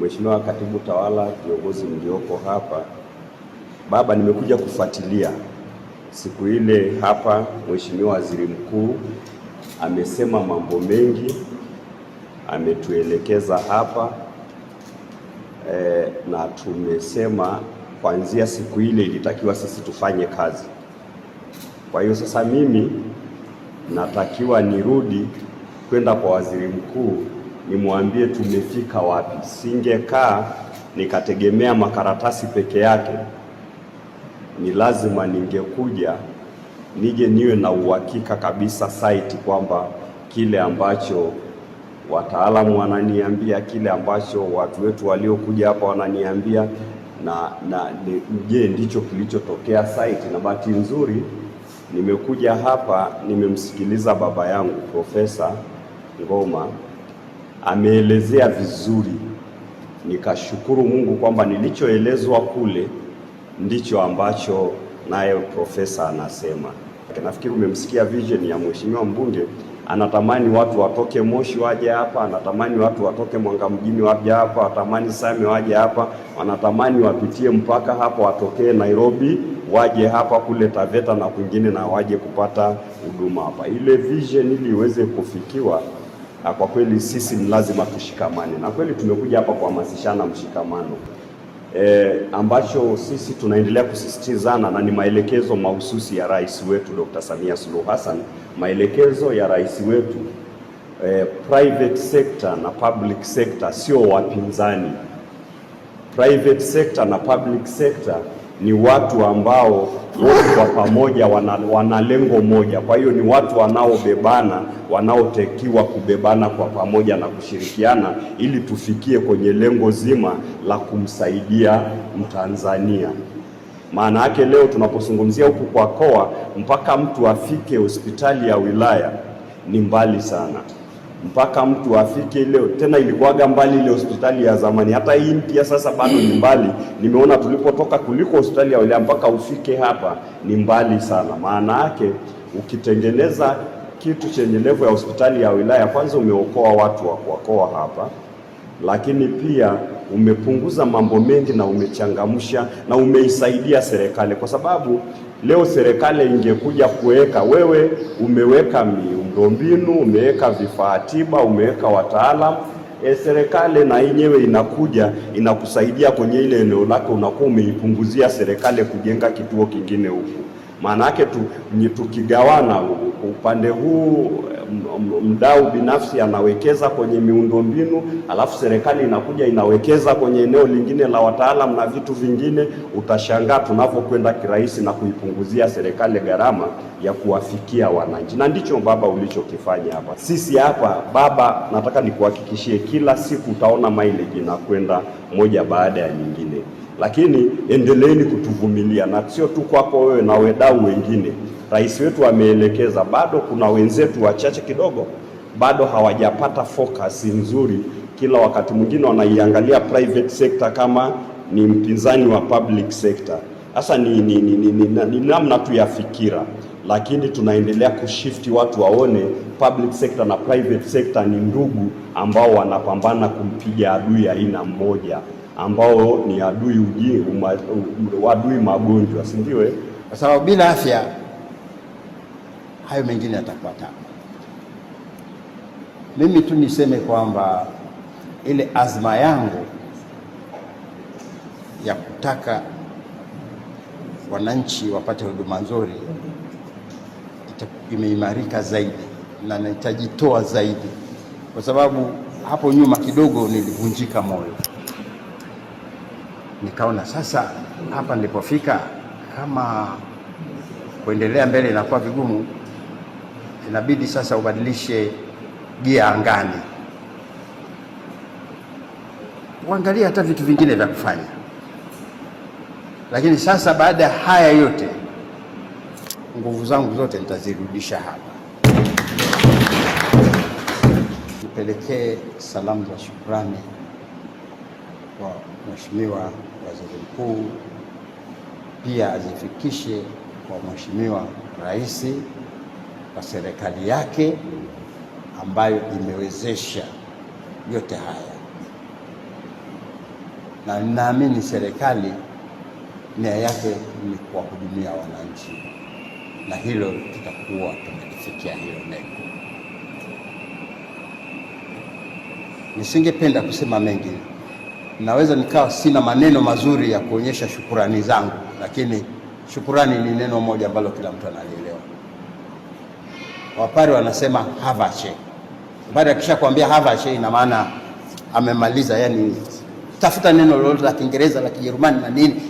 Mheshimiwa Katibu Tawala, viongozi mlioko hapa, baba, nimekuja kufuatilia siku ile hapa. Mheshimiwa Waziri Mkuu amesema mambo mengi, ametuelekeza hapa e, na tumesema kuanzia siku ile ilitakiwa sisi tufanye kazi. Kwa hiyo sasa mimi natakiwa nirudi kwenda kwa Waziri Mkuu nimwambie tumefika wapi. Singekaa nikategemea makaratasi peke yake, ni lazima ningekuja nije niwe na uhakika kabisa site kwamba kile ambacho wataalamu wananiambia, kile ambacho watu wetu waliokuja hapa wananiambia na na je, ndicho kilichotokea site. Na bahati nzuri nimekuja hapa, nimemsikiliza baba yangu Profesa Ngoma ameelezea vizuri, nikashukuru Mungu kwamba nilichoelezwa kule ndicho ambacho naye profesa anasema. Nafikiri umemsikia vision ya mheshimiwa mbunge, anatamani watu watoke Moshi waje hapa, anatamani watu watoke Mwanga mjini waje hapa, anatamani Same waje hapa, wanatamani wapitie mpaka hapo, watokee Nairobi waje hapa kule Taveta na kwingine, na waje kupata huduma hapa. Ile vision ili iweze kufikiwa na kwa kweli sisi ni lazima tushikamane, na kweli tumekuja hapa kuhamasishana mshikamano e, ambacho sisi tunaendelea kusisitizana na ni maelekezo mahususi ya rais wetu Dr. Samia Suluhu Hassan, maelekezo ya rais wetu e, private sector na public sector sio wapinzani. Private sector na public sector ni watu ambao wote kwa pamoja wana, wana lengo moja. Kwa hiyo ni watu wanaobebana, wanaotakiwa kubebana kwa pamoja na kushirikiana ili tufikie kwenye lengo zima la kumsaidia Mtanzania. Maana yake leo tunapozungumzia huku kwa koa mpaka mtu afike hospitali ya wilaya ni mbali sana mpaka mtu afike ile. Tena ilikuwaga mbali ile hospitali ya zamani, hata hii mpya sasa bado ni mbali. Nimeona tulipotoka kuliko hospitali ya wilaya, mpaka ufike hapa ni mbali sana. Maana yake ukitengeneza kitu chenye levo ya hospitali ya wilaya, kwanza umeokoa watu wa kuokoa hapa, lakini pia umepunguza mambo mengi na umechangamsha na umeisaidia serikali, kwa sababu leo serikali ingekuja kuweka, wewe umeweka miundombinu, umeweka vifaa tiba, umeweka wataalam E, serikali na yenyewe inakuja inakusaidia kwenye ile eneo lako, unakuwa umeipunguzia serikali kujenga kituo kingine huku. Maana yake tu, tukigawana upande huu mdau binafsi anawekeza kwenye miundombinu, alafu serikali inakuja inawekeza kwenye eneo lingine la wataalamu na vitu vingine, utashangaa tunavyokwenda kirahisi na kuipunguzia serikali gharama ya kuwafikia wananchi, na ndicho baba ulichokifanya hapa. Sisi hapa baba, nataka nikuhakikishie, kila siku utaona mileage inakwenda moja baada ya nyingine, lakini endeleeni kutuvumilia na sio tu kwako wewe na wadau wengine rais wetu ameelekeza, bado kuna wenzetu wachache kidogo bado hawajapata focus nzuri. Kila wakati mwingine wanaiangalia private sector kama ni mpinzani wa public sector. Sasa ni, ni, ni, ni, ni, ni namna tu ya fikira, lakini tunaendelea kushifti watu waone public sector na private sector ni ndugu ambao wanapambana kumpiga adui aina mmoja ambao ni adui uji, adui magonjwa, si ndio? Eh? Kwa sababu bila afya hayo mengine yatafuata. Mimi tu niseme kwamba ile azma yangu ya kutaka wananchi wapate huduma nzuri imeimarika zaidi na nitajitoa zaidi, kwa sababu hapo nyuma kidogo nilivunjika moyo, nikaona sasa hapa nilipofika, kama kuendelea mbele inakuwa vigumu inabidi sasa ubadilishe gia angani, uangalie hata vitu vingine vya kufanya. Lakini sasa baada ya haya yote, nguvu zangu zote nitazirudisha hapa, nipelekee salamu za shukrani kwa Mheshimiwa Waziri Mkuu, pia azifikishe kwa Mheshimiwa Rais kwa serikali yake ambayo imewezesha yote haya, na ninaamini serikali nia yake ni kuwahudumia wananchi, na hilo tutakuwa tumelifikia hilo lengo. Nisingependa kusema mengi, naweza nikawa sina maneno mazuri ya kuonyesha shukurani zangu, lakini shukurani ni neno moja ambalo kila mtu analielewa. Wapare wanasema havashe. akisha kuambia havashe, ina maana amemaliza. Yani tafuta neno lolote la Kiingereza la Kijerumani na nini